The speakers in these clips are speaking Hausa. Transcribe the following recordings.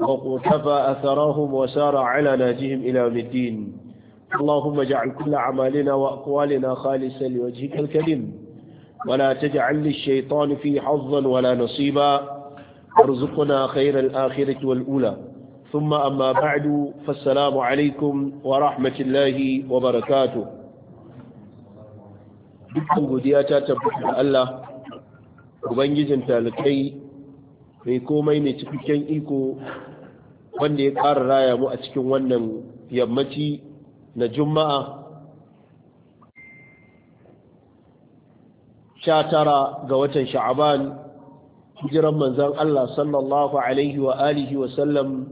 وقتفى أثرهم وسار على ناجهم إلى الدين اللهم اجعل كل أعمالنا وأقوالنا خالصا لوجهك الكريم ولا تجعل للشيطان في حظا ولا نصيبا ارزقنا خير الآخرة والأولى ثم أما بعد فالسلام عليكم ورحمة الله وبركاته dukkan godiya ta tabbata Allah ubangijin talakai Kai komai mai cikakken iko wanda ya ƙara raya mu a cikin wannan yammaci na juma'a sha tara ga watan sha'aban jiran manzan Allah sallallahu alaihi wa alihi wa sallam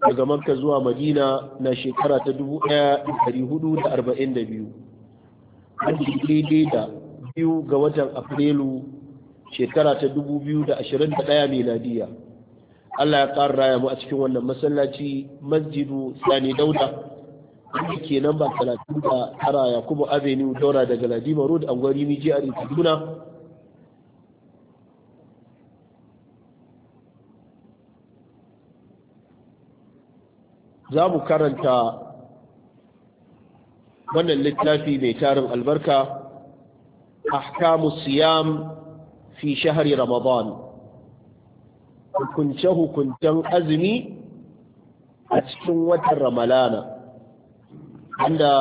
daga makka zuwa madina na shekara ta 1442 an daidai da biyu ga watan afrilu shekara ta da da mai miladiya Allah ya ƙara raya mu a cikin wannan masallaci masjidu sani dauda wanda ke nan ba talatin da tara kuma avenue daura daga ladima road a gwari mi jihar e, kaduna za mu karanta wannan littafi mai tarin albarka ahkamu siyam fi shahri ramadan hukunce hukuncen azumi a cikin watan ramalana anda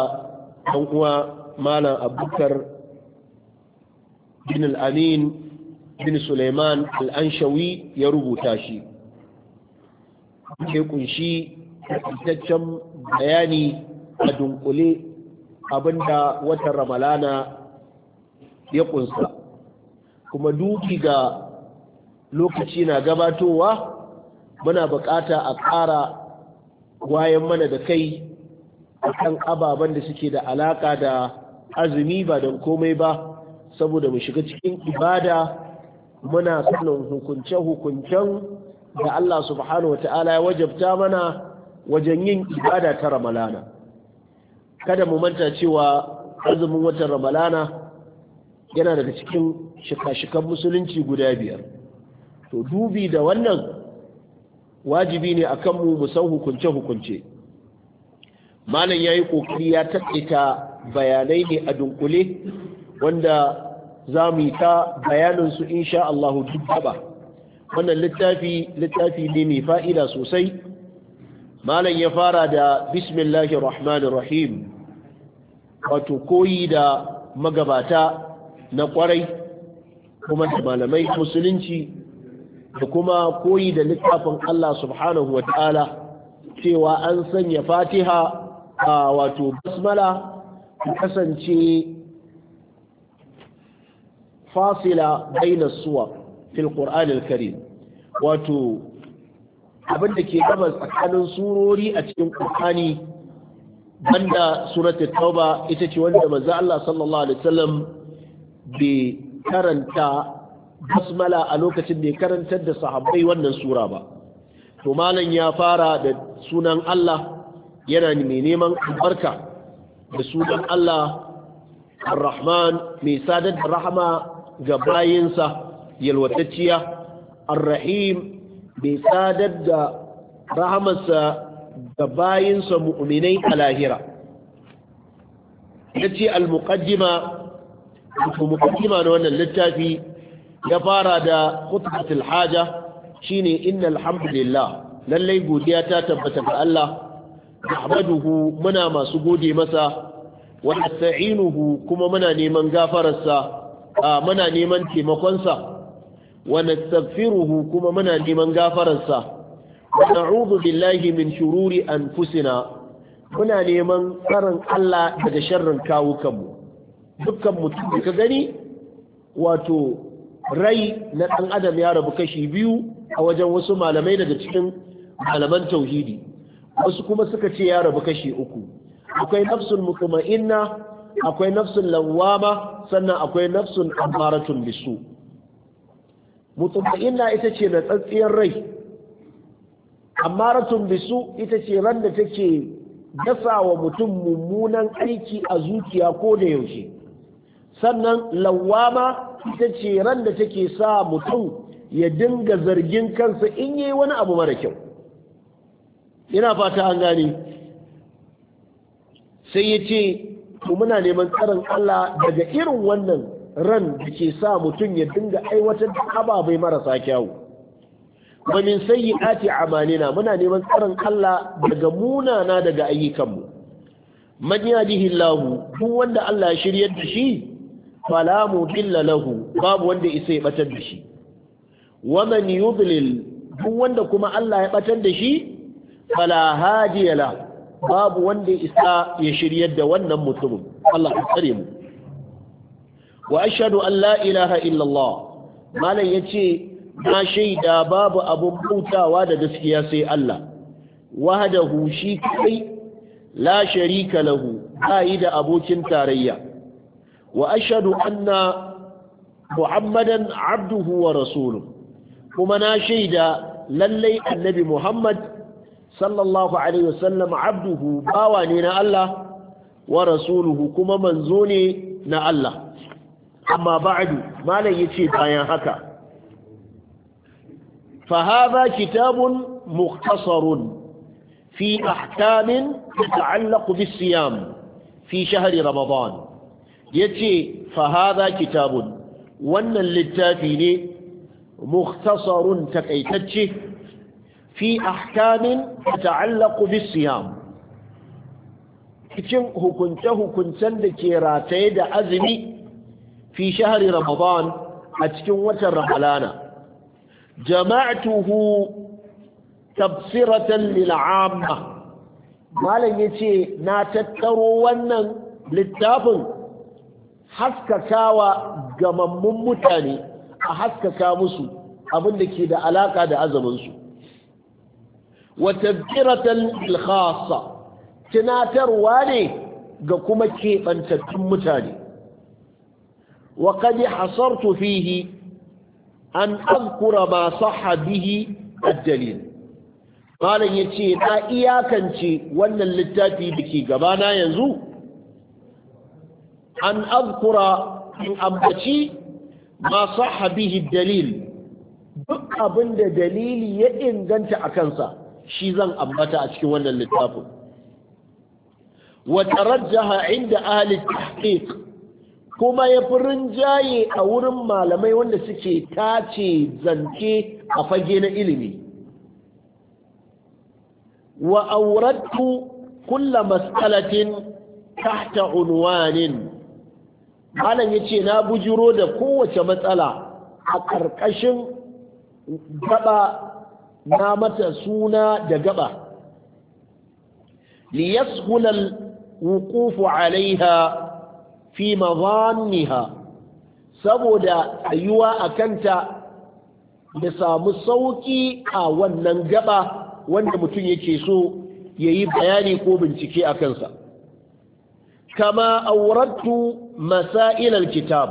ɗan uwa malam abubakar bin al-amin bin suleiman al-anshawi ya rubuta shi ke kunshi taƙaitaccen bayani a dunkule abinda watan ramalana ya kunsa kuma duki ga lokaci na gabatowa muna bukata a ƙara wayan mana da kai a kan ababen da suke da alaka da azumi ba don komai ba saboda mu shiga cikin ibada muna sanin hukunce-hukuncen da Allah subhanahu wa ta'ala ya wajabta mana wajen yin ibada ta ramalana kada mu manta cewa azumin watan ramalana yana daga cikin shika-shikan musulunci guda biyar to dubi da wannan wajibi ne akan mu mu san hukunce-hukunce malam ya yi ƙoƙari ya taƙaita bayanai ne a dunkule wanda za mu yi ta bayaninsu insha Allahu duk gaba wannan littafi littafi ne mai fa'ida sosai malam ya fara da bismillahir rahim wato koyi da magabata na kwarai kuma da malamai musulunci da kuma koyi da littafin Allah subhanahu wa ta'ala cewa an sanya fatiha a wato basmala kasance fasila bainas suwa fil qur'an karim wato abin da ke gaba tsakanin surori a cikin qur'ani banda suratul tauba ita ce wanda manzo Allah sallallahu alaihi wasallam bai karanta basmala a lokacin da ya karantar da sahabbai wannan sura ba to malam ya fara da sunan Allah yana mai neman albarka da sunan Allah ar-Rahman mai sadar da rahama ga bayinsa yalwatacciya ar-Rahim mai sadar da rahamarsa ga bayinsa mu'minai a lahira yace al-muqaddima wato mukaddima na wannan littafi ya fara da khutbatul haja shine innal hamdulillah lallai godiya ta tabbata ga Allah ahmaduhu muna masu gode masa wa nasta'inuhu kuma muna neman gafararsa muna neman taimakonsa wa nastaghfiruhu kuma muna neman gafararsa wa na'udhu billahi min shururi anfusina muna neman tsaron Allah daga sharrin kawukanmu dukkan mutum da ka gani wato rai na ɗan adam ya rabu kashi biyu a wajen wasu malamai daga cikin malaman tauhidi wasu kuma suka ce ya rabu kashi uku akwai nafsun mutuma'inna akwai nafsun lawama sannan akwai nafsun amaratun bisu mutuma'inna ita ce na tsatsiyar rai amaratun bisu ita ce ran da take dasa wa mutum mummunan aiki a zuciya ko da yaushe sannan lawama ita ce ran da take sa mutum ya dinga zargin kansa in yi wani abu mara kyau ina fata an gani sai ya ce muna neman tsarin Allah daga irin wannan ran da ke sa mutum ya dinga aiwatar da ababai marasa kyawu Ba min ake amalina muna neman tsarin Allah daga munana daga ayyukanmu man yadihi Allah duk wanda Allah ya shiryar da shi fala mudilla lahu babu wanda isa ya batar da shi wa yudlil duk wanda kuma Allah ya batar da shi fala hadiya la babu wanda isa ya shiryar da wannan mutumin Allah ya tsare mu wa ashhadu an la ilaha illa Allah malan yace na shaida babu abun bautawa da gaskiya sai Allah wahdahu shi kai la sharika lahu ba da abokin tarayya وأشهد أن محمدا عبده ورسوله كما ناشيد للي النبي محمد صلى الله عليه وسلم عبده باوانينا الله ورسوله كما منزوني نا الله أما بعد ما لا يتي بايان هكا فهذا كتاب مختصر في أحكام تتعلق بالصيام في شهر رمضان ya fa hadha kitabun wannan littafi ne mukhtasarun takaitacce fi ahkamin ta bis siyam cikin hukunce-hukuncen da ke rataye da azumi fi shahari ramadan a cikin watan ramalana jama'atuhu tafsiratan lil'amma malam yace na tattaro wannan littafin haskakawa gamammun mutane a haskaka musu abin da ke da alaka da azaminsu wa tadhkiratan lil tunatarwa ne ga kuma keɓantattun mutane wa qad hasartu fihi an azkura masu sahha a ad-dalil malam yace na iyakance wannan littafi da ke gabana yanzu an azkura in ambaci ma sahha dalil duk abin da dalili ya inganta a kansa shi zan ambata a cikin wannan littafin Wata rajaha, inda ahli tahqiq kuma ya fi rinjaye a wurin malamai wanda suke tace zance a fage na ilimi wa aurattu kulla mas'alatin tahta unwanin malam ya ce na bujiro da kowace matsala a ƙarƙashin gaba na mata suna da gaba liyashulal wukufu alaiha fi mazanniha saboda ayuwa a kanta da samu sauƙi a wannan gaba wanda mutum yake so ya yi bayani ko bincike a kansa kama auratu. masa'ilar kitab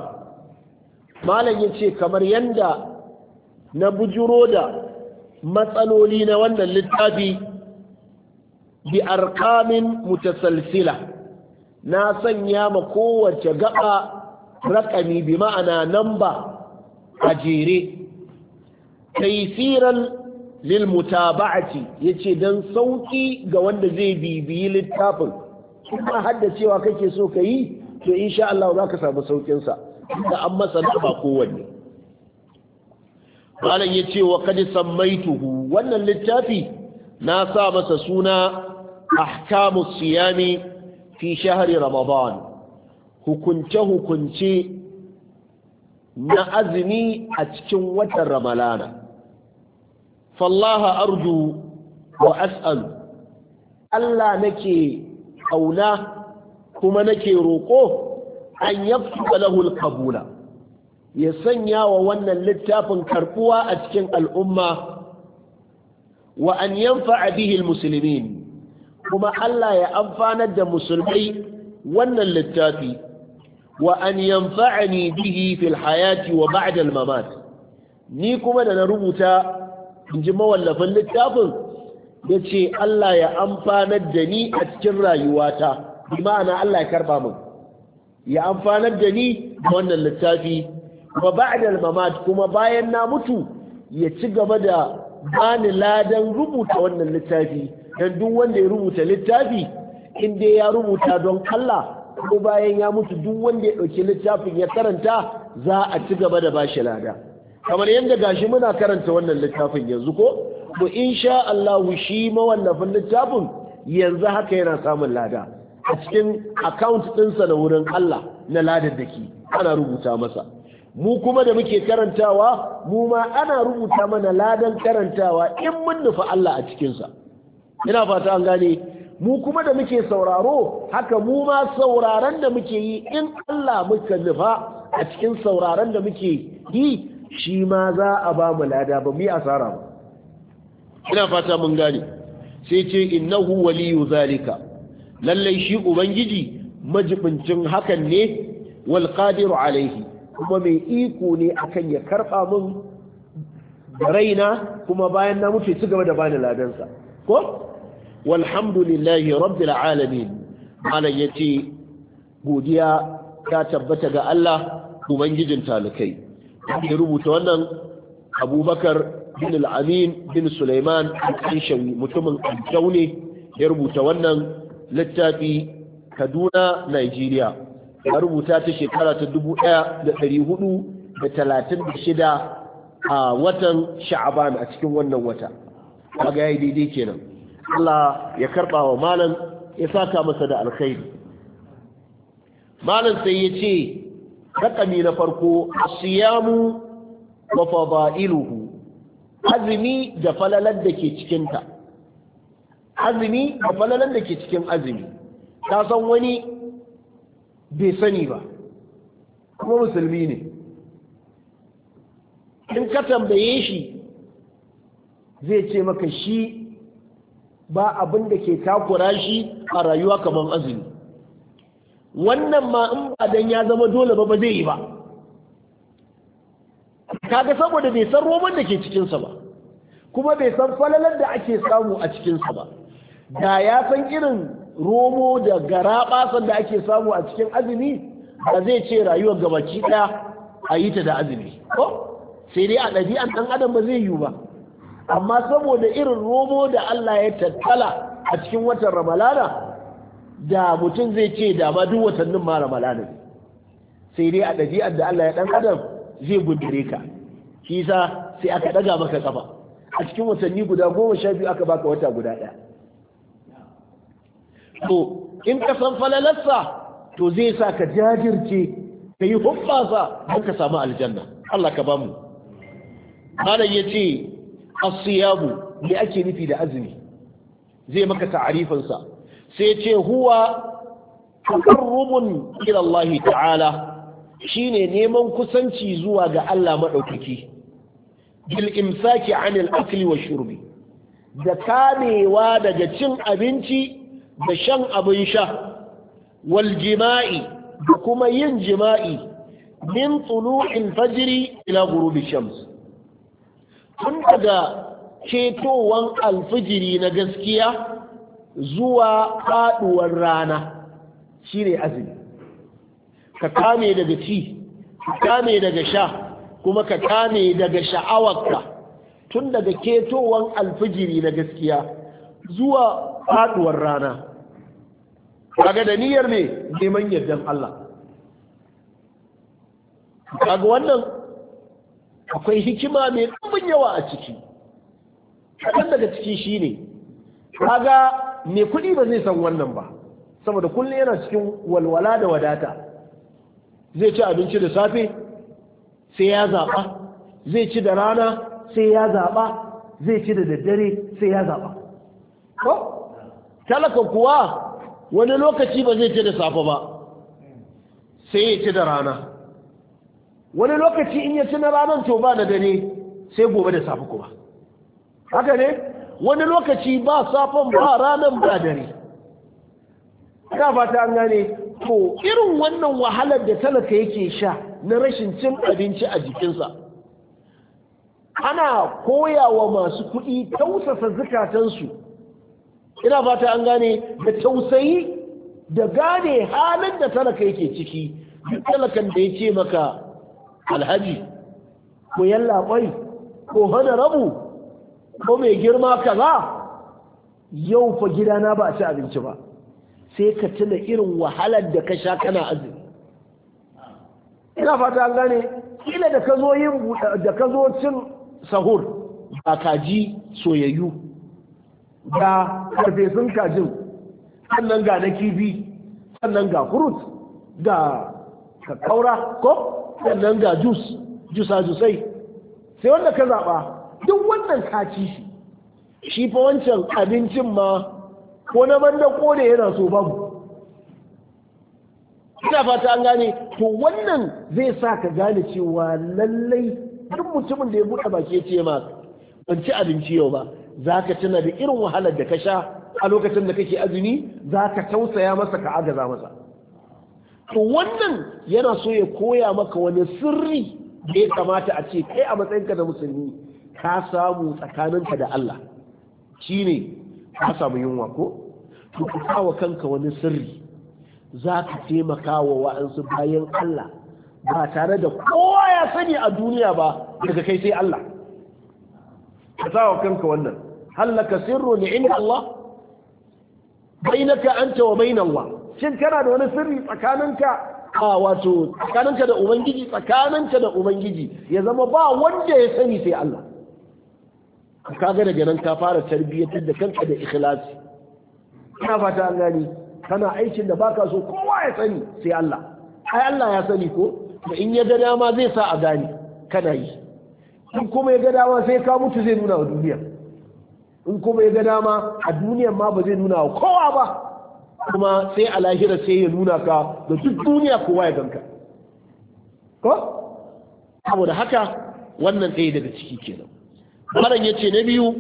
malam yace kamar yadda na bujuro da matsaloli na wannan littafi bi arkamin mutasalsila na sanya ma kowace gaba rakami bi ma'ana namba a jere taisiran lil ce, yace dan sauki ga wanda zai bibiyi littafin kuma hadda cewa kake so ka yi to insha Allah za ka samu saukinsa? da an masa da ba kowanne malam ya ce wa kad sammaituhu wannan littafi na sa masa suna ahkamu siyami fi shahari ramadan hukunce hukunce na azumi a cikin watan ramalana fallaha arju wa as'alu Allah nake ƙauna. kuma nake roƙo an yafsuka lahul kabula ya sanya wa wannan littafin karbuwa a cikin al'umma wa an yanfa'a bihi musulmin. kuma Allah ya amfanar da musulmai wannan littafi wa an yanfa'ani bihi fil hayati wa ba'da al mamat ni kuma da na rubuta inji mawallafin littafin yace Allah ya amfanar da ni a cikin rayuwata bi ma'ana Allah ya karba min ya amfanar da ni da wannan littafi wa ba'da al-mamat kuma bayan na mutu ya ci gaba da bani ladan rubuta wannan littafi dan duk wanda ya rubuta littafi in dai ya rubuta don Allah ko bayan ya mutu duk wanda ya ɗauki littafin ya karanta za a ci gaba da bashi lada kamar yadda gashi muna karanta wannan littafin yanzu ko to insha Allah shi mawallafin littafin yanzu haka yana samun lada a cikin account ɗinsa na wurin Allah na da ke ana rubuta masa mu kuma da muke karantawa mu ma ana rubuta mana ladan karantawa in mun nufi Allah a cikinsa ina fata an gane mu kuma da muke sauraro haka mu ma sauraron da muke yi in Allah muka nufa a cikin sauraron da muke yi shi ma za a ba mu lada ba mu yi asara ba ina fata mun gane sai ce innahu waliyu zalika lallai shi ubangiji majibincin hakan ne Walƙadiru alaihi kuma mai iko ne akan ya karɓa min da raina kuma bayan na mutu ci gaba da bani ladansa ko walhamdulillahi rabbil alamin malam ce godiya ta tabbata ga Allah ubangijin talikai ya rubuta wannan abubakar bin al bin sulaiman al-anshawi mutumin al ne ya rubuta wannan littafi kaduna nigeria a rubuta ta shekara ta dubu ɗaya da da da ɗari talatin hudu shida a watan sha'aban a cikin wannan wata kaga yi daidai kenan Allah ya karba wa malam ya saka masa da alkhairi malam sai ya ce rakami na farko asiyamu wa fadailuhu azumi da falalar da ke cikinta azumi da falalan da ke cikin azumi ta san wani bai sani ba kuma musulmi ne in ka tambaye shi zai ce maka shi ba abin da ke takura shi a rayuwa kamar azumi wannan ma in ba dan ya zama dole ba ba zai yi ba kaga saboda bai san roman da ke cikinsa ba kuma bai san falalar da ake samu a cikinsa ba da ya san irin romo da gara da ake samu a cikin azumi ba zai ce rayuwar gabaki ɗaya a yi ta da azumi ko sai dai a ɗabi'an ɗan adam ba zai yiwu ba amma saboda irin romo da Allah ya tattala a cikin watan ramalana da mutum zai ce da ma duk watannin ma ramalana sai dai a ɗabi'an da Allah ya ɗan adam zai gudure ka shi sai aka ɗaga maka kafa a cikin watanni guda goma sha biyu aka baka wata guda ɗaya to in ka san falalarsa to zai sa ka jajirce ka yi hubbasa don ka samu aljanna Allah ka bamu malam ya ce asiyabu ne ake nufi da azumi zai maka ta'arifinsa sai ce huwa taqarrubun ila Allah ta'ala shine neman kusanci zuwa ga Allah madaukaki bil imsaki 'anil akli wa shurbi da kamewa daga cin abinci da shan abin sha wal jima'i da kuma yin jima'i min tulu'il fajri ila ghurubi shams tun daga cetowan alfijiri na gaskiya zuwa faduwar rana shine azumi ka kame daga ci ka kame daga sha kuma ka kame daga sha'awarka tun daga ketowan alfijiri na gaskiya zuwa faduwar rana kaga da niyyar ne neman yardan Allah kaga wannan akwai hikima mai ɗumbin yawa a ciki kaɗan daga ciki shine kaga mai kuɗi ba zai san wannan ba saboda kullum yana cikin walwala da wadata zai ci abinci da safe sai ya zaɓa zai ci da rana sai ya zaɓa zai ci da daddare sai ya zaɓa talaka kuwa wani lokaci ba zai ce da safe ba sai ya ci da rana wani lokaci in ya ci na ranar to ba da dare sai gobe da safe kuma haka ne wani lokaci ba safen ba ranar ba dare ka fata an gane to irin wannan wahalar da talaka yake sha na rashin cin abinci a jikinsa ana koya wa masu kuɗi tausasa zukatansu ina fata an gane da tausayi da gane halin da talaka yake ciki duk talakan da ya ce maka alhaji ko yalla kwai ko hana rabu ko mai girma kaza yau fa gidana ba a ci abinci ba sai ka tuna irin wahalar da ka sha kana azumi ina fata an gane kila da ka zo yin da ka zo cin sahur ba kaji soyayyu ga sun kajin sannan ga na kifi sannan ga furut ga kaura ko sannan ga jus jusa jusai sai wanda ka zaɓa duk wannan kaci shi shi fa wancan abincin ma ko na banda kone yana so babu ina fata an gane to wannan zai sa ka gane cewa lallai duk mutumin da ya buɗe baki ya ce ma ban ci abinci yau ba za ka tuna da irin wahalar da ka sha a lokacin da kake azumi za ka tausaya masa ka agaza masa to wannan yana so ya koya maka wani sirri da ya kamata a ce kai a matsayinka da musulmi ka samu tsakaninka da Allah shine ka samu yunwa ko to ka kawo kanka wani sirri za ka taimaka wa wa'ansu bayan Allah ba tare da kowa ya sani a duniya ba daga kai sai Allah ka sa wa kanka wannan hal laka sirrun inda Allah bainaka anta wa bain Allah shin kana da wani sirri tsakaninka a wato tsakaninka da ubangiji tsakaninka da ubangiji ya zama ba wanda ya sani sai Allah kaga daga nan ka fara tarbiyyatar da kanka da ikhlasi ina fata an gani kana aikin da baka so kowa ya sani sai Allah ai Allah ya sani ko da in ya ga dama zai sa a gani kana yi in kuma ya ga dama sai ka mutu zai nuna wa duniya in kuma ya ga dama a duniyan ma ba zai nuna wa kowa ba kuma sai a lahira sai ya nuna ka da duk duniya kowa ya ganka ko saboda haka wannan ɗaya daga ciki kenan maran ya ce na biyu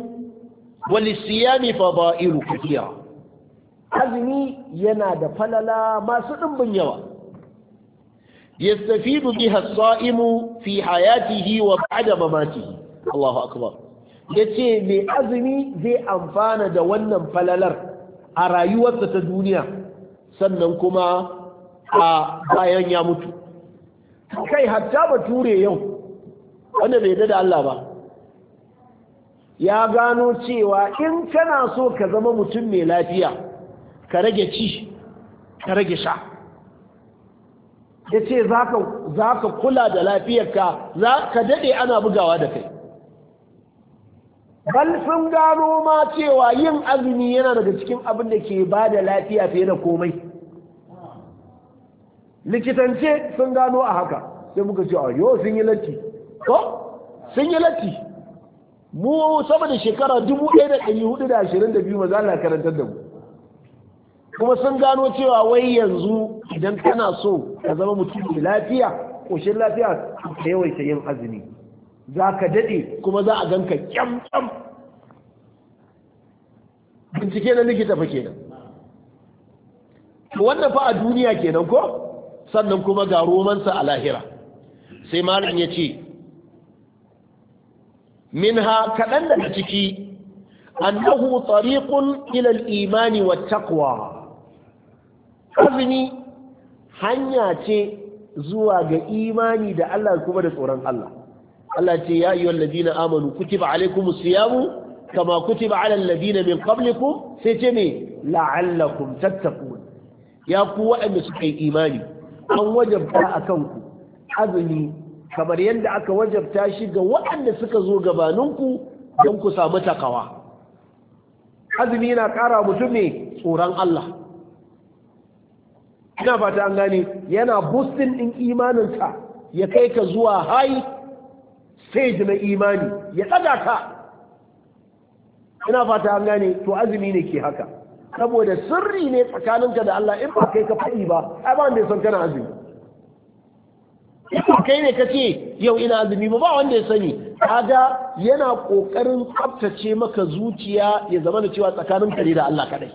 wani siyami fa ba iru kafiya azumi yana da falala masu ɗimbin yawa yastafidu biha as-sa'imu fi hayatihi wa ba'da mamatihi Allahu akbar ya ce mai azumi zai amfana da wannan falalar a rayuwarsa ta duniya sannan kuma a bayan ya mutu kai hatta ture yau wanda bai da Allah ba ya gano cewa in kana so ka zama mutum mai lafiya ka rage ci ka rage sha ya ce za ka kula da lafiyarka za ka daɗe ana bugawa da kai bal sun gano ma cewa yin azumi yana daga cikin abin da ke ba da lafiya fiye da komai likitance sun gano a haka sai muka ce a yau sun yi latti ko sun yi latti mu sama da shekara 1422 maza na karantar da mu kuma sun gano cewa wai yanzu idan kana so ka zama mutum mai lafiya ƙoshin lafiya ka yawaita yin azumi za ka daɗe kuma za a ganka ƙyamƙyam bincike na likita fa kenan wannan fa a duniya kenan ko sannan kuma ga romansa a lahira sai malam ya ce minha kaɗan daga ciki annahu tariqun ila imani wa taqwa azumi hanya ce zuwa ga imani da Allah kuma da tsoron Allah Allah ce ya ayyuhal ladina amanu kutiba alaikumus siyamu kama kutiba alal ladina min qablikum sai ce me la'allakum tattaqun ya ku waɗanda suka yi imani an wajabta akan ku azumi kamar yadda aka wajabta shi ga waɗanda suka zo gabaninku don ku samu takawa azumi na ƙara mutum ne tsoron Allah ina fata an gane yana boosting ɗin imaninsa ya kai ka zuwa high sai ji na imani ya tsada ka ina fata an gane to azumi ne ke haka saboda sirri ne tsakaninka da Allah in ba kai ka faɗi ba ai ba wanda ya san kana azumi in ba kai ne ka ce yau ina azumi ba ba wanda ya sani kaga yana kokarin tsaftace maka zuciya ya zama da cewa tsakaninka ne da Allah kadai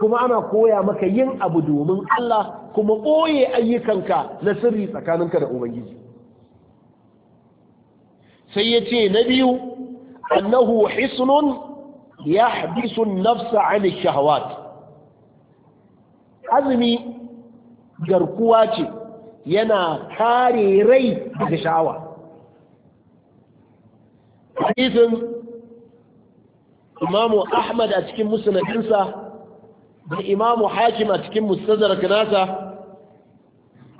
kuma ana koya maka yin abu domin Allah kuma ɓoye ayyukanka na sirri tsakaninka da Ubangiji sai ya ce na biyu annahu hisnun ya habisu nafsa an shahawat azumi garkuwa ce yana kare rai daga sha'awa hadisin imamu ahmad a cikin musnadinsa da imamu hakim a cikin mustadrak nasa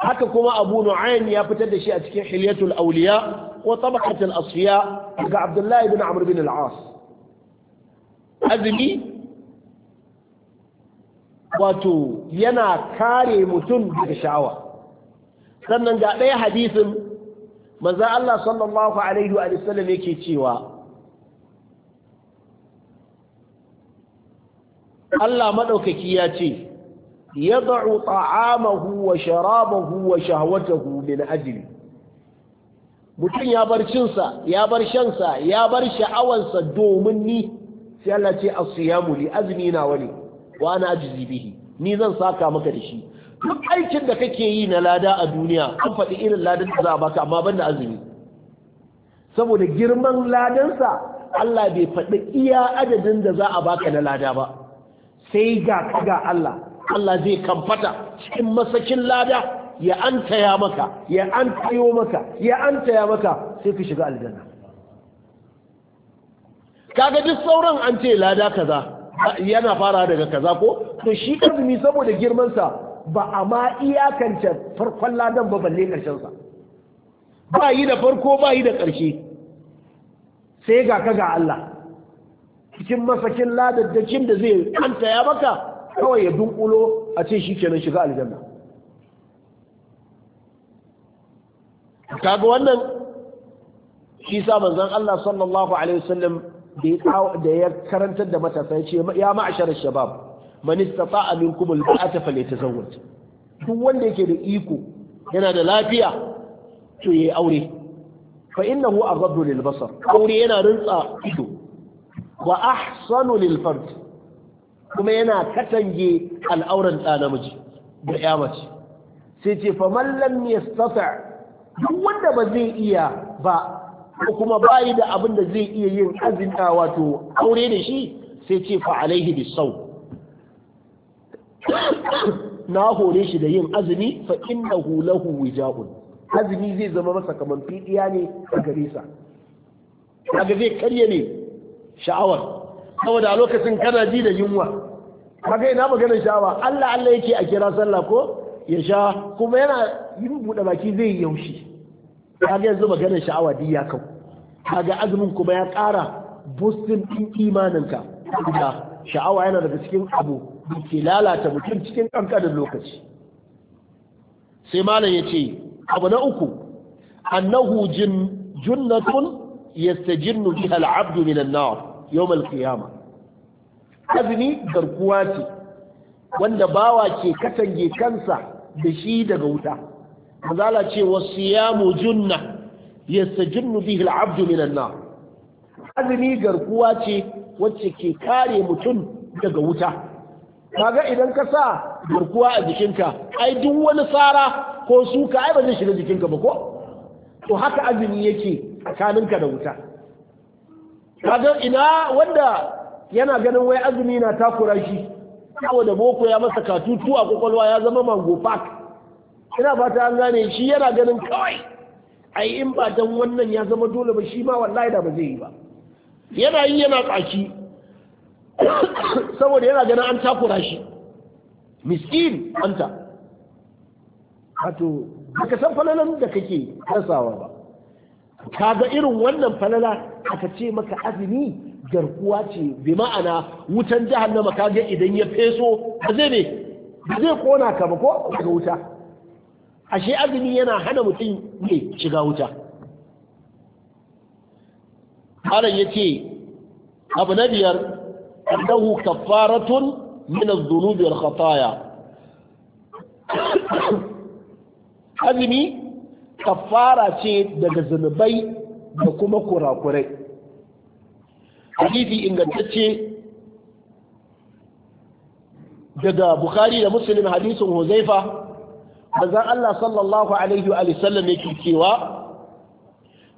haka kuma abu nu'ayn ya fitar da shi a cikin hilyatul awliya wa tabaqatul asfiya ga abdullahi ibn amr bin al-as azumi wato yana kare mutum daga sha'awa sannan ga ɗaya hadisin manzo Allah sallallahu alaihi wa sallam yake cewa Allah madaukaki ya ce يضع طعامه وشرابه وشهوته من أجلي mutum ya bar cinsa ya bar shansa ya bar sha'awansa domin ni sai Allah ce asiyamu li azmi na wani wa ana ajizi bihi ni zan saka maka da shi duk aikin da kake yi na lada a duniya an faɗi irin ladan da za a baka amma banda azumi saboda girman ladansa Allah bai faɗi iya adadin da za a baka na lada ba sai ga kaga Allah Allah zai kamfata cikin masakin lada ya an taya maka ya an tayo maka ya an taya maka sai ka shiga aljanna kaga duk sauran an ce lada kaza yana fara daga kaza ko to shi azumi saboda girmansa ba a ma iyakance farkon ladan ba balle sa. ba yi da farko ba yi da karshe. sai ga ka ga Allah cikin masakin ladaddakin da zai an taya maka kawai ya dunkulo a ce shi kenan shiga aljanna kaga wannan shi sa manzon Allah sallallahu alaihi wasallam da ya karantar da matasa ya ce ya ma'asharar shabab man istata'a minkum al-ba'ata falyatazawwaj duk wanda yake da iko yana da lafiya to yayi aure fa innahu aghaddu lil basar aure yana rintsa ido wa ahsanu lil fard kuma yana katange al'auran ɗa namiji da ya mace sai ce fa mallam ya duk wanda ba zai iya ba ko kuma bayi da abin da zai iya yin azinta wato aure da shi sai ce fa alaihi bi sau na hore shi da yin azumi fa innahu lahu wija'un azumi zai zama masa kamar fidiya ne a gare sa kaga zai karye ne sha'awar saboda a lokacin kana ji da yunwa kaga ina maganar sha'awa Allah Allah yake a kira sallah ko ya sha kuma yana yin buɗe baki zai yi yaushi kaga yanzu maganar sha'awa duk ya kau kaga azumin kuma ya ƙara bus din imaninka da sha'awa yana daga cikin abu da ke lalata mutum cikin ƙanƙanin lokaci sai malam ya ce abu na uku annahu junnatun yastajinnu biha al-abdu min an-nar yawmal qiyama azumi garkuwa ce wanda bawa ke katange kansa da shi daga wuta mazala ce wasiyamu junna yastajinnu bihi al'abdu min an azumi garkuwa ce wacce ke kare mutum daga wuta kaga idan ka sa garkuwa a jikinka ai duk wani tsara ko suka ai ba zai shiga jikinka ba ko to haka azumi yake tsakaninka da wuta kaga ina wanda yana ganin wai azumi na takura shi saboda boko ya masa katutu a kwakwalwa ya zama mango park ina fata an gane shi yana ganin kawai ai in ba dan wannan ya zama dole ba shi ma wallahi da ba zai yi ba yana yi yana tsaki saboda yana ganin an takura shi miskin anta wato baka san falalan da kake rasawa ba kaga irin wannan falala aka ce maka azumi garkuwa ce bi ma'ana wutan jahannama kaga idan ya feso ba zai ne ba zai kona ka ba ko daga wuta ashe azumi yana hana mutum ne shiga wuta ya yace abu na biyar annahu kaffaratun min adh-dhunubi wal khataaya azumi kafara ce daga zunubai da kuma kurakurai hadisi ingantacce daga bukhari da muslim hadisin huzaifa bazan Allah sallallahu alaihi wa sallam yake cewa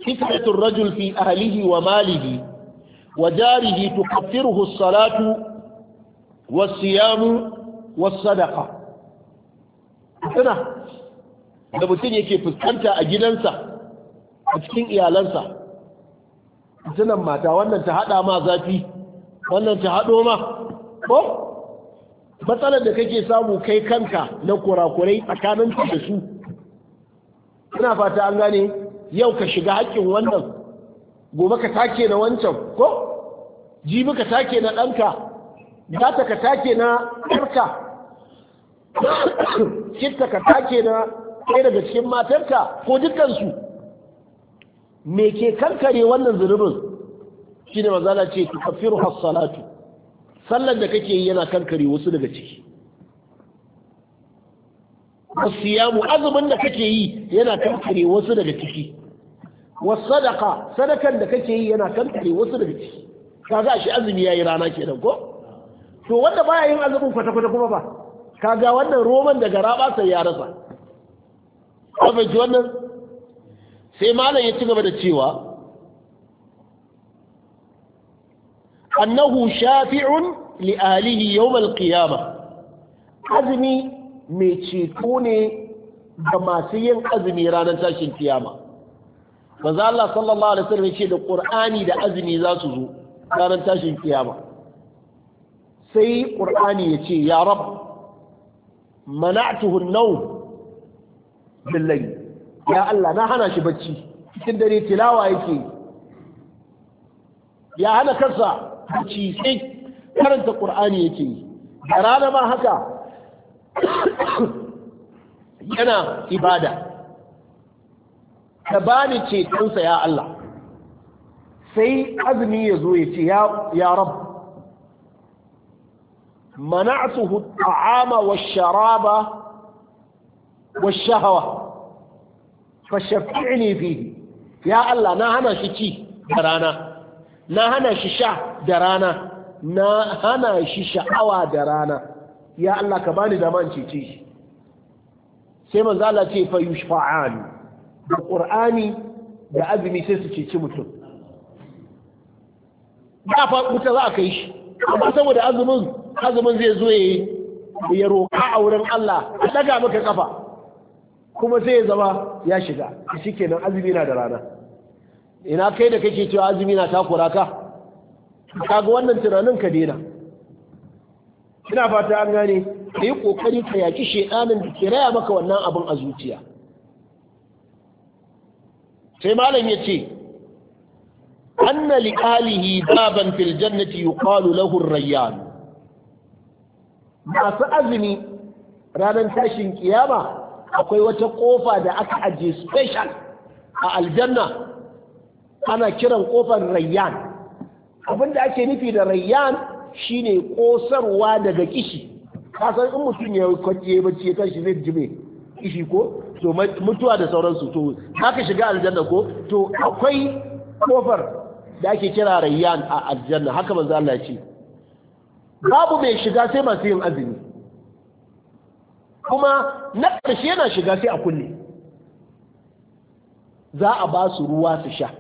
fitnatul rajul fi ahlihi wa malihi wa jarihi tukaffiruhu as-salatu wa siyamu wa sadaqa tana da mutum yake fuskanta a gidansa a cikin iyalansa zinan mata wannan ta haɗa ma zafi wannan ta haɗo ma ko matsalar da kake samu kai kanka na kurakurai tsakanin da su ina fata an gane yau ka shiga haƙƙin wannan gobe ka take na wancan ko jibi ka take na ɗanka gata ka take na ɗarka kitta ka take na ɗaya daga cikin matarka ko dukansu me ke kankare wannan zunubin ne mazala ce ta kafiru salatu sallar da kake yi yana kankare wasu daga ciki wasiyamu azumin da kake yi yana kankare wasu daga ciki Wasu sadaka, sadakan da kake yi yana kankare wasu daga ciki kaga shi azumi ya yi rana kenan ko to wanda baya yin azumin kwata kwata kuma ba kaga wannan roman daga raba sai ya rasa abin wannan sai malam ya ci gaba da cewa annahu shafi'un li alihi yawm qiyama azumi mai ceto ne ga masu yin azumi ranar tashin kiyama manzo Allah sallallahu alaihi wasallam ce da Qur'ani da azumi za su zo ranar tashin kiyama sai Qur'ani ya ce ya rab mana'tuhu an-nawm bil-layl ya Allah na hana shi bacci cikin dare tilawa yake ya hana kansa bacci sai karanta qur'ani yake da rana ma haka yana ibada ka bani cetonsa ya Allah sai azumi ya zo ya ce ya rab mana'tuhu at'ama wash-sharaba wash shahawa fashafi'ni fi ya Allah na hana shi ci da rana na hana shi sha da rana na hana shi sha'awa da rana ya Allah ka bani da man cece shi sai manzo Allah ce fa yushfa'an da qur'ani da azumi sai su cece mutum ba fa wuta za a kai shi amma saboda azumin azumin zai zo yayi ya roƙa auren Allah a daga maka kafa kuma sai ya zama ya shiga shi kenan azumi na da rana ina kai da kake cewa azumi na takura ka kaga wannan tunanin ka dena. ina fata an gane ka yi kokari ka yaki shedanin da ke raya maka wannan abin a zuciya sai malam ya ce anna li alihi baban fil jannati yuqalu lahu rayyan masu azumi ranar tashin kiyama akwai wata kofa da aka ajiye special a aljanna ana kiran kofar rayyan abinda ake nufi da rayyan shine kosarwa daga kishi san in mutum ya kwanciye bacci ya tashi zai jime kishi ko to mutuwa da sauransu to haka shiga aljanna ko to akwai kofar da ake kira rayyan a aljanna haka manzo Allah ya ce babu mai shiga sai masu yin azumi kuma na ƙarshe yana shiga sai a kulle za a ba su ruwa su sha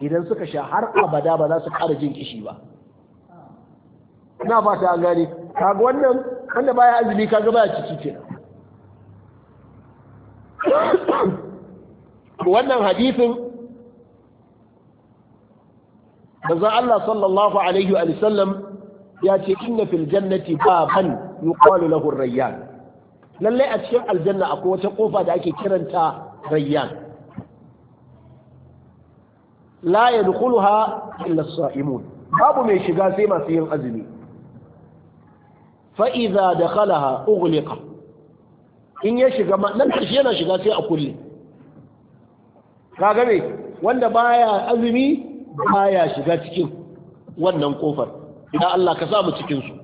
idan suka sha har abada ba za su ƙara jin kishi ba Na fata an gane kaga wannan wanda baya azumi kaga baya ciki ce wannan hadisin za Allah sallallahu alaihi wa sallam ya ce inna fil jannati baban yuqalu lahu ar-rayyan Lallai a cikin aljanna akwai wata kofa da ake kiranta rayyan la yadkhuluha illa as-sa'imun babu mai shiga sai masu yin azumi fa idza dakhalaha ughliqa in ya shiga ma. nan kashi yana shiga sai a kulle kaga me wanda baya azumi baya shiga cikin wannan kofar idan Allah ka sa mu cikin su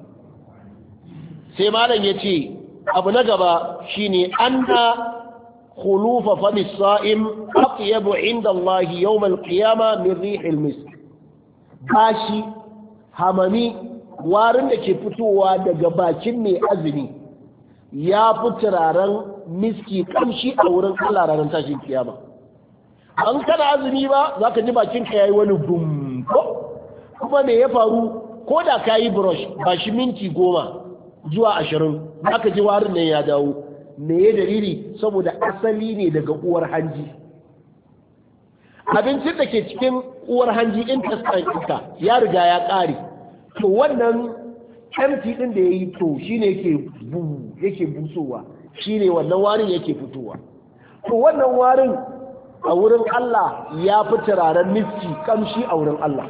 sai malam ya ce. abu na gaba shine anna خلوف فم الصائم أطيب عند الله يوم القيامة من ريح المسك باشي hamami warin da ke fitowa daga bakin mai azumi ya fi turaren miski kamshi a wurin kalararen ranar tashin kiyama an kana azumi ba za ka ji bakinka ya yi wani bumbo kuma me ya faru ko da ka yi brush ba shi minti goma zuwa ashirin aka ji warin nan ya dawo me ya dalili saboda asali ne daga uwar hanji abincin da ke cikin uwar hanji intestine ɗinka ya riga ya ƙare to wannan empty ɗin da ya yi to shine yake yake busowa shine wannan warin yake fitowa to wannan warin a wurin Allah ya fi turaren miski kamshi a wurin Allah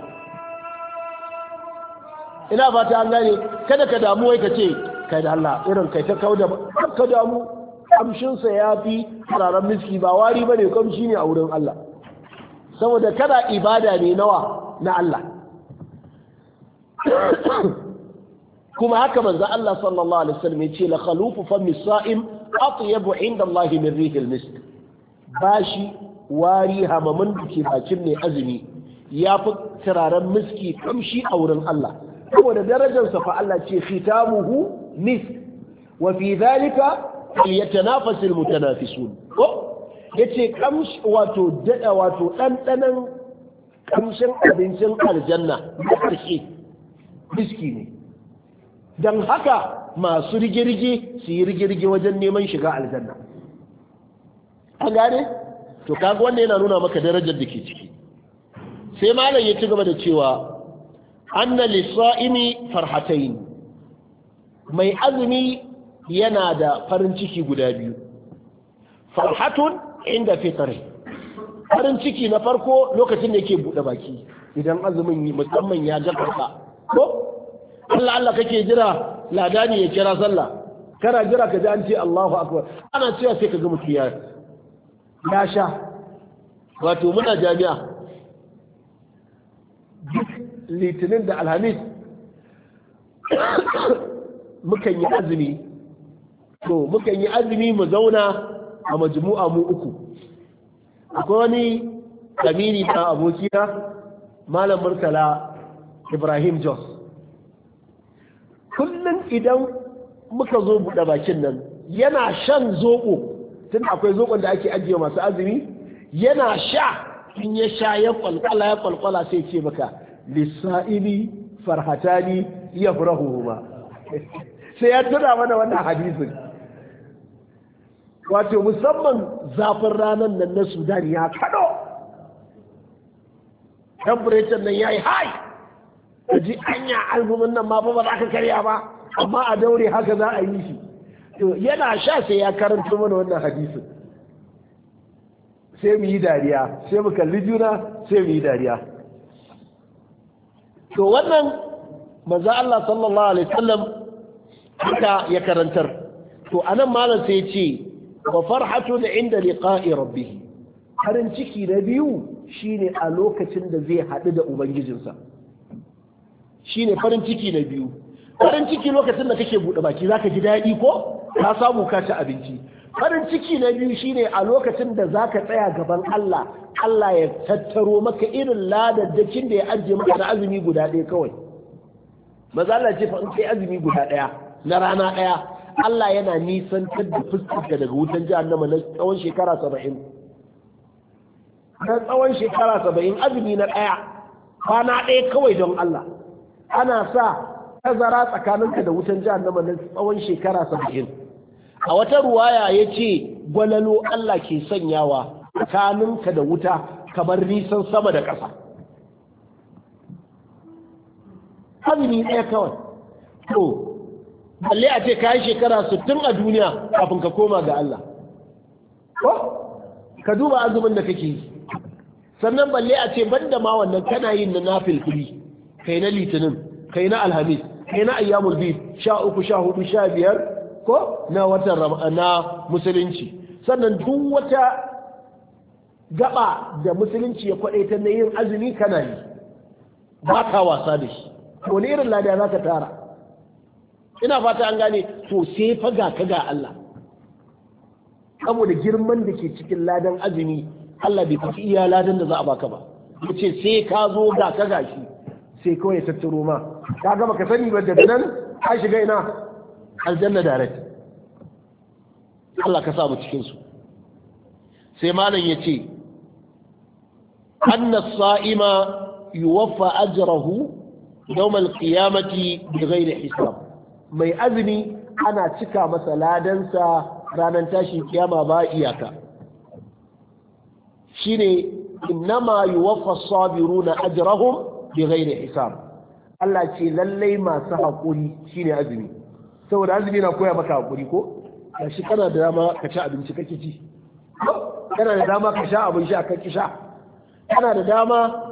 ina fata an gane kada ka damu wai ka ce kai da Allah irin kai ta kauda ka damu kamshinsa ya fi turaren miski ba wari ba ne kamshi ne a wurin Allah saboda kada ibada ne nawa na Allah kuma haka manzo Allah sallallahu alaihi wasallam ya ce la khalufu fami sa'im atyabu inda Allah min rihil misk bashi wari hamamin da bakin mai azumi ya fi turaren miski kamshi a wurin Allah saboda darajarsa fa Allah ce khitamuhu misk wa fi zalika falyatanafasul mutanafisun ko yace kamshi wato dada wato dandanan kamshin abincin aljanna da karshe miski ne dan haka masu rigirgi su yi rigirgi wajen neman shiga aljanna an gane to kaga wanda yana nuna maka darajar da ke ciki sai malam ya ci gaba da cewa anna lisa'imi farhatayn mai azumi yana da farin ciki guda biyu farhatun inda fitri farin ciki na farko lokacin da yake buɗe baki idan azumin musamman ya gafarta ko Allah Allah kake jira ladani ya kira sallah kana jira ka ji an ce Allahu akbar ana cewa sai ka ga mutum ya ya sha wato muna jami'a duk litinin da alhamis mukan yi azumi to mukan yi azumi mu zauna a majmu'a mu uku akwai wani kamini ta abokina malam murtala ibrahim jos kullum idan muka zo buɗe bakin nan yana shan zoɓo tun akwai zoɓon da ake ajiye masu azumi yana sha in ya sha ya kwalkwala ya kwalkwala sai ce maka lissa'ili farhatani ya furahu ba sai ya tuna mana wannan hadisin wato musamman zafin ranar nan na sudan ya kaɗo temperature nan ya yi hai ka ji anya albumin nan ma ba za ka karya ba amma a daure haka za a yi shi yana sha sai ya karanta mana wannan hadisin sai mu yi dariya sai mu kalli juna sai mu yi dariya to wannan manzo Allah sallallahu alaihi wasallam haka ya karantar to anan malam sai ce wa da inda liqa'i rabbih farin ciki na biyu shine a lokacin da zai hadu da ubangijinsa shine farin ciki na biyu farin ciki lokacin da kake bude baki zaka ji dadi ko ka samu ka ci abinci farin ciki na biyu shine a lokacin da zaka tsaya gaban Allah Allah ya tattaro maka irin ladaddakin da ya ajiye maka na azumi guda ɗaya kawai maza Allah ce fa in kai azumi guda ɗaya na rana ɗaya Allah yana nisantar da fuskarka daga wutan jihar na tsawon shekara saba'in na tsawon shekara saba'in azumi na ɗaya kwana ɗaya kawai don Allah ana sa tazara tsakaninka da wutan jihar na tsawon shekara saba'in a wata ruwaya ya ce gwalalo Allah ke sanyawa tsakaninka da wuta kamar nisan sama da ƙasa azumi ɗaya kawai to balle a ce ka yi shekara sittin a duniya kafin ka koma ga Allah ko ka duba azumin da kake yi sannan balle a ce banda ma wannan kana yin na nafil kuli kai na litinin kai na alhamis kai na ayyamul bid sha uku sha hudu sha biyar ko na watan na musulunci sannan duk wata gaba da musulunci ya ta na yin azumi kana yi ba ka wasa da shi wani irin lada za ka tara ina fata an gane to sai fa ga ka ga Allah saboda girman da ke cikin ladan azumi Allah bai kafi iya ladan da za a baka ba yace sai ka zo ga ka ga shi sai kawai ya tattaro ma ka ga baka sani ba daga nan ka shiga ina aljanna direct Allah ka sa mu cikin su sai malam yace anna saima yuwaffa ajrahu yawm al-qiyamati bighayri hisab mai azumi ana cika masa ladansa ranar tashin kiyama ba iyaka shine innama yuwaffa sabiruna ajrahum bighairi hisab Allah ce lallai masu hakuri shine azumi saboda azumi na koya maka hakuri ko shi kana da dama ka ci abinci ka ci kana da dama ka sha abin sha kake sha kana da dama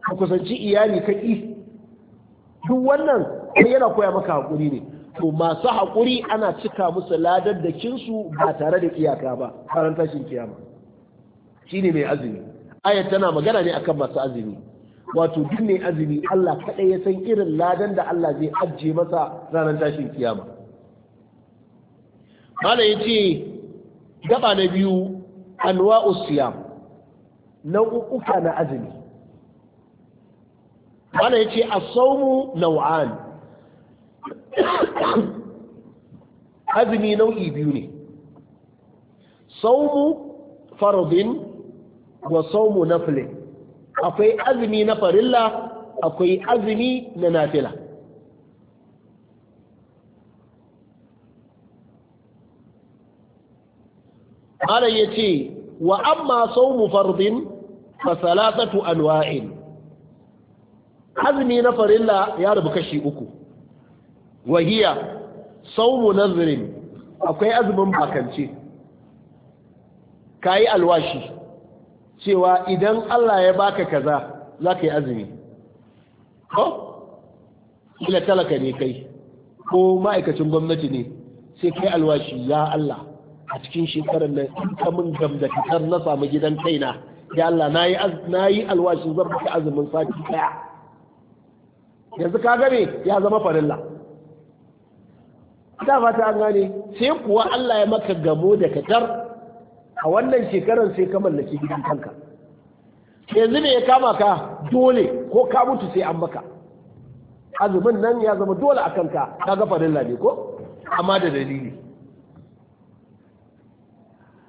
ka kusanci iyali ka kaki duk wannan yana koya maka hakuri ne to masu haƙuri ana cika musu da kinsu ba tare da iyaka ba karan tashin kiyama shi mai azumi ayat tana magana ne akan masu azumi wato duk ne azumi Allah kaɗai ya san irin ladan da Allah zai ajiye masa ranar tashin kiyama mala ya ce gaba na biyu anwa'u siyam nau'uka na azumi mala ya ce as-sawmu azumi nau'i biyu ne saumu farobin wa saumu nafile akwai azumi na farilla akwai azumi na nafila Malam ya ce, wa amma saumu fardin fa salatatu anwa'in azumi na farilla ya rubu kashi uku wahiya saumu nazirin akwai azumin bakance ka yi alwashi cewa idan Allah ya baka kaza za ka yi azumi ko ila talaka ne kai ko ma'aikacin gwamnati ne sai kai alwashi ya Allah a cikin shekarar nan in ka mun na samu gidan kaina ya Allah na yi alwashi zan baka azumin sati daya yanzu ka gane ya zama farilla ta fata an gane sai kuwa Allah ya maka gamo da katar a wannan shekarar sai ka mallaki gidan kanka yanzu ne ya kama ka dole ko ka mutu sai an maka azumin nan ya zama dole a kanka ka ga farilla ne ko amma da dalili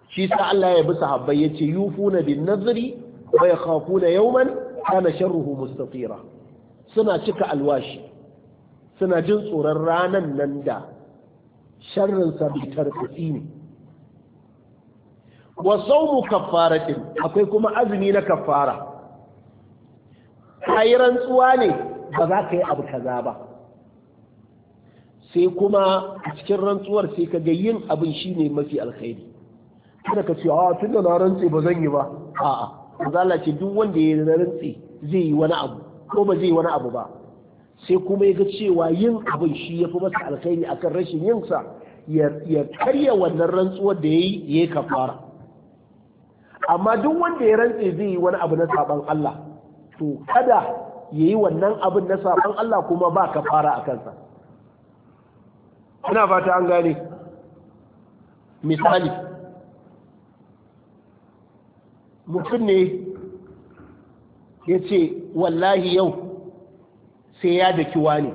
shi sa Allah ya bi sahabbai yace yufuna bin nazri wa yakhafuna yawman kana sharruhu mustatira suna cika alwashi suna jin tsoron ranan nan da sharrinsa bitar kuɗi ne wa saumu kaffaratin akwai kuma azumi na kaffara yi rantsuwa ne ba za ka yi abu kaza ba sai kuma a cikin rantsuwar sai ka ga yin abin ne mafi alkhairi kada ka ce a ah, tun da na rantsi ba zan yi ba a'a manzo ce duk wanda ya rantse zai yi wani abu ko ba zai yi wani abu ba sai kuma ya ga cewa yin abin shi ya fi masa alkhairi akan rashin yinsa ya karya wannan rantsuwar da ya yi ya yi kafara amma duk wanda ya rantse zai yi wani abu na saban Allah to kada ya yi wannan abin na saban Allah kuma ba kafara a kansa ina fata an gane misali mutum ne ya ce wallahi yau sai ya daki wani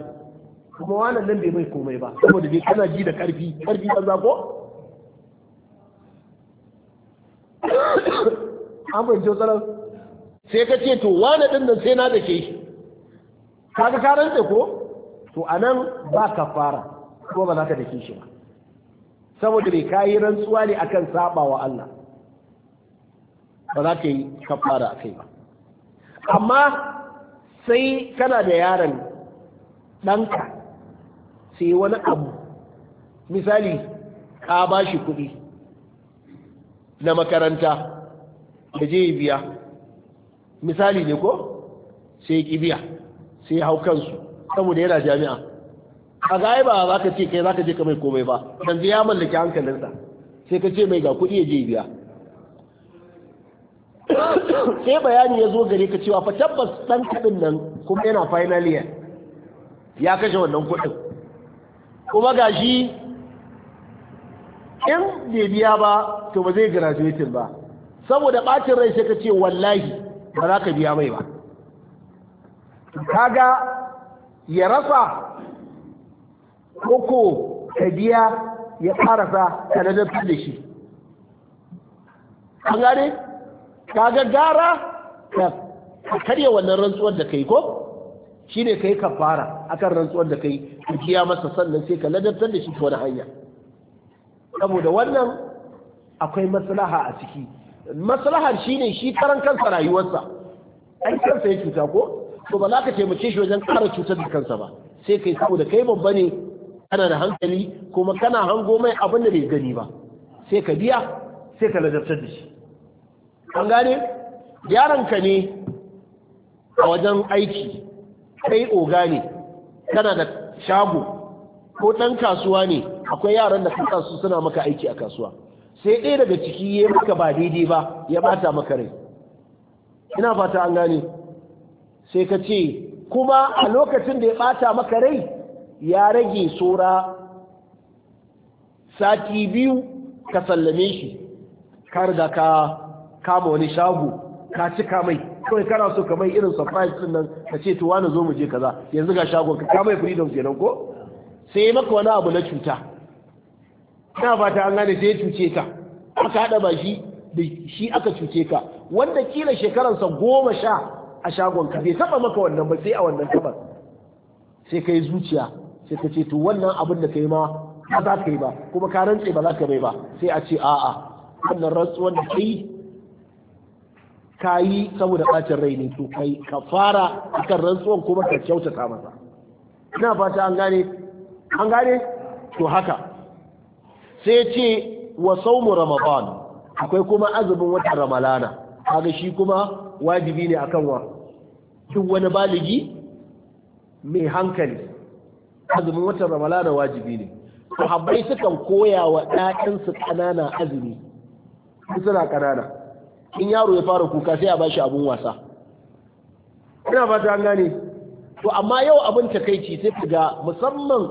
kuma wannan nan bai mai komai ba saboda dai kana ji da karfi karfi ban zako? ko an fahimci wasarar sai ka ce to wani din nan sai na da ke shi kaga ka rantse ko to a nan ba ka fara ko ba za ka dake ke shi ba saboda bai yi rantsuwa ne akan saba wa Allah ba za ka yi kafara a kai ba amma sai kana da yaron ɗanka sai wani abu misali ka ba shi kuɗi na makaranta da je biya misali ne ko sai ki biya sai hau kansu saboda yana jami'a a gaya ba za ka ce kai za ka je ka mai komai ba yanzu ya mallaki hankalinsa sai ka ce mai ga kuɗi ya je biya sai bayani ya zo gare ka cewa fa tabbas ɗan kaɗin nan kuma yana final year ya kashe wannan kuɗin kuma gashi in bai biya ba to ba zai graduate ba saboda ɓacin rai sai ka ce wallahi ba za ka biya mai ba kaga ya rasa koko ka biya ya karasa ka da shi an gane kaga gara ka karya wannan rantsuwar da kai ko shine kai kafara akan rantsuwar da kai ka kiya masa sannan sai ka ladabtar da shi ta wani hanya saboda wannan akwai maslaha a ciki maslahar shine shi karan kansa rayuwarsa an kansa ya cuta ko to ba za ka taimake shi wajen kara cutar da kansa ba sai kai saboda kai babba ne kana da hankali kuma kana hango mai abin da bai gani ba sai ka biya sai ka ladabtar da shi an gane ka ne a wajen aiki kai oga ne kana da shago ko ɗan kasuwa ne akwai yaran da kasa su suna maka aiki a kasuwa sai ɗaya daga ciki ya maka ba daidai ba ya bata maka rai ina fata an gane sai ka ce kuma a lokacin da ya bata maka rai ya rage tsora sati biyu ka sallame shi Kar riga ka kama wani shago ka cika mai kawai kana so ka mai irin surprise din nan ka ce to wani zo mu je kaza yanzu ga shagon ka kama freedom kenan ko sai maka wani abu na cuta ina fata an gane sai ya cuce ka aka hada ba shi da shi aka cuce ka wanda kila shekaransa goma sha a shagon ka bai taba maka wannan ba sai a wannan kamar sai ka yi zuciya sai ka ce to wannan abin da ka yi ma ba za ka yi ba kuma ka rantse ba za ka yi ba sai a ce a'a wannan rantsuwan da kai ka yi saboda ɓacin rai ne to kai ka fara ikan rantsuwan kuma ka kyautata masa ina fata an gane an gane to haka sai ce wa saumu ramadan akwai kuma azumin watan ramalana kaga shi kuma wajibi ne akan wa duk wani baligi mai hankali azumin watan ramalana wajibi ne sahabbai sukan koya wa ɗayansu ƙanana azumi suna ƙanana in yaro ya fara kuka sai a bashi abun wasa ina fata an gane to amma yau abin takaici sai ku ga musamman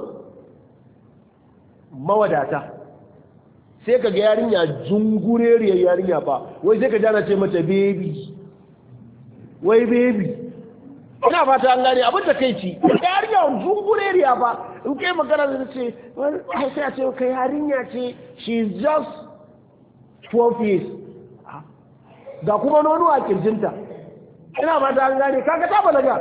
mawadata sai ka ga yarinya jungureriyar yarinya fa wai sai ka jana ce mata baby wai baby ina fata an gane abin ta kai ci yarinya jungureriya fa in kai magana da ce wai sai a ce kai yarinya ce she just 12 years ga kuma nono a kirjinta ina ba ta gane kaga ta balaga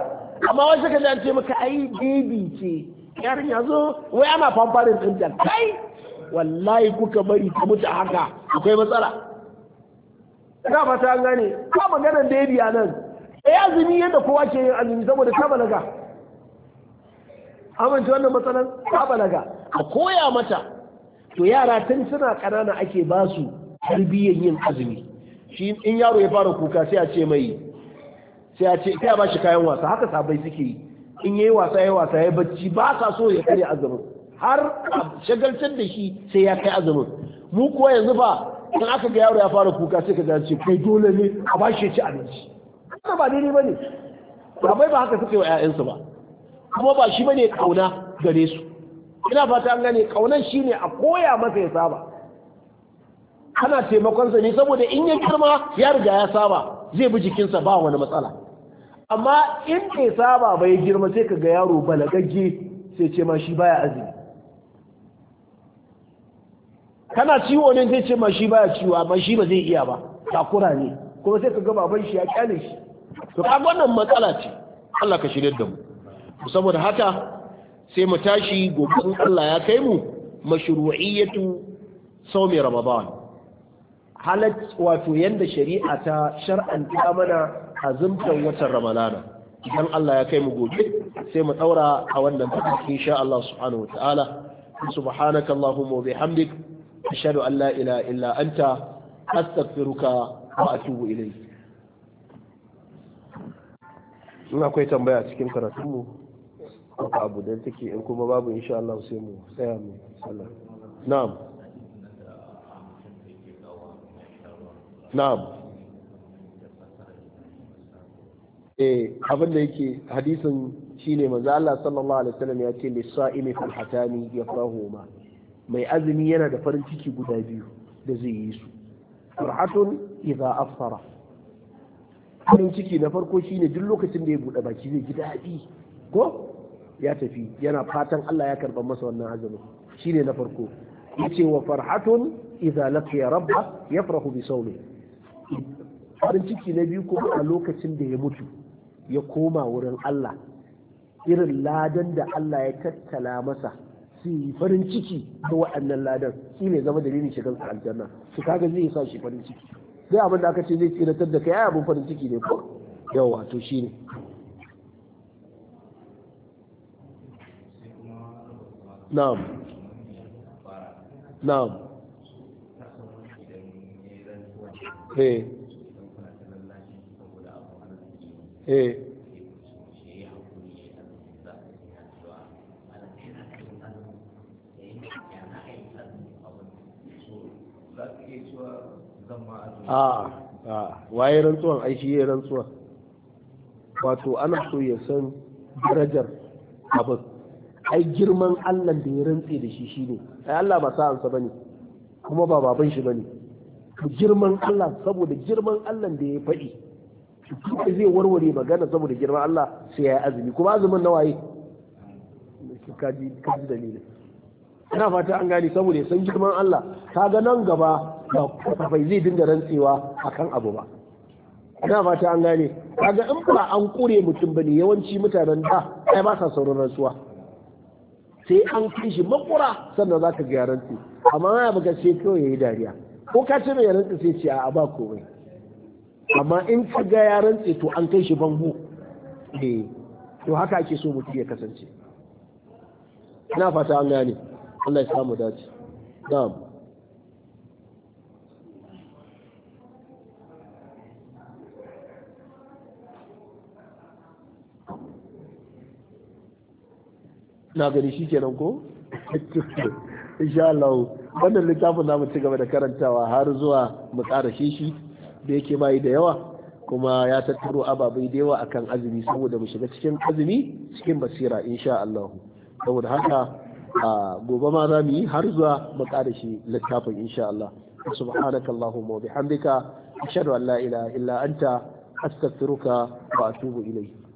amma wasu ka ta ce maka ai baby ce Yarin ya zo wai ana fanfarin ɗinta kai wallahi kuka bari ta mutu haka akwai matsala ina ba ta gane ka maganar baby a nan Ya azumi yadda kowa ke yin azumi saboda ta balaga amince wannan matsalan ta balaga a koya mata to yara tun suna ƙanana ake ba su tarbiyyar yin azumi shi in yaro ya fara kuka sai a ce mai sai a ce kai ba shi kayan wasa haka sabai suke yi in yayi wasa yayi wasa yayi bacci ba sa so ya kare azumin har shagaltar da shi sai ya kai azumin mu kuwa yanzu ba in aka ga yaro ya fara kuka sai ka dace kai dole ne a ba shi ci abinci amma ba daidai bane sabai ba haka suke wa ƴaƴansu ba kuma ba shi bane kauna gare su ina fata an gane kaunan shine a koya masa ya saba ana taimakonsa ne saboda in ya girma ya riga ya saba zai bi jikinsa ba wani matsala amma in bai saba bai girma sai ka ga yaro balagagge sai ce ma shi baya azumi kana ciwo ne zai ce ma shi baya ciwo amma shi ba zai iya ba takura ne kuma sai ka ga baban shi ya kyale shi to ka wannan matsala ce Allah ka shirye da mu saboda haka sai mu tashi gobe in Allah ya kai mu mashru'iyatu sawmi ramadan halat wato yadda shari'a ta shar'anta mana azumtar watan ramadana idan Allah ya kai mu gobe sai mu daura a wannan fadin insha Allah subhanahu wataala subhanaka allahumma wa bihamdik ashhadu an la ilaha illa anta astaghfiruka wa atubu ilayk in akwai tambaya cikin karatunmu abu da take in kuma babu insha Allah sai mu tsaya mu sallah na'am na'am eh abin da yake hadisin shine manzo Allah sallallahu alaihi wasallam ya ce li saimi fil hatani yafrahuma mai azumi yana da farin ciki guda biyu da zai yi su farhatun idza afsara farin ciki na farko shine duk lokacin da ya bude baki zai ji daɗi ko ya tafi yana fatan Allah ya karba masa wannan azumin shine na farko yace wa farhatun idza laqiya rabba yafrahu bi sawmi ciki farin ciki na biyu kuma a lokacin da ya mutu ya koma wurin Allah irin ladan da Allah ya tattala masa su yi farin ciki da waɗannan ladan shi ne zama dalilin shigar aljanna su kaga zai sa shi farin ciki sai abin da aka ce zai tsiratar da kai ai abin farin ciki ne ko yawa to shi ne na'am na'am Eh. Eh. Ah, ah. waye rantsuwan ai shi yi rantsuwa wato ana so ya san darajar abin ai girman Allah da ya rantse da shi shi ne. ai Allah ba sa'ansa ne, kuma ba baban shi ba ne. girman Allah saboda girman Allah da ya faɗi kuma zai warware magana saboda girman Allah sai ya yi azumi kuma azumin na waye kaji kaji dalilin ina fata an gane saboda san girman Allah ga nan gaba ba kafai zai dinga rantsewa akan abu ba ina fata an gane kaga in ba an kure mutum ba ne, yawanci mutanen da ai ba sa sauran rantsuwa sai an kai makura sannan za ka ga rantsi amma ya buga sai kawai yi dariya ko ka ce ya rantse sai ce a ba komai amma in ka ga ya rantse to an kai shi bango eh to haka ake so mutum ya kasance ina fata an gane Allah ya samu dace na'am na gari shi kenan ko insha Allah wannan littafin zamu ci gaba da karantawa har zuwa mu ƙara shi da yake bayi da yawa kuma ya tattaro ababai da yawa akan azumi saboda mu shiga cikin azumi cikin basira insha Allah saboda haka a gobe ma za mu yi har zuwa mu ƙara shi littafin insha Allah wa bihamdika ashhadu an la ilaha illa anta astaghfiruka wa atubu ilayk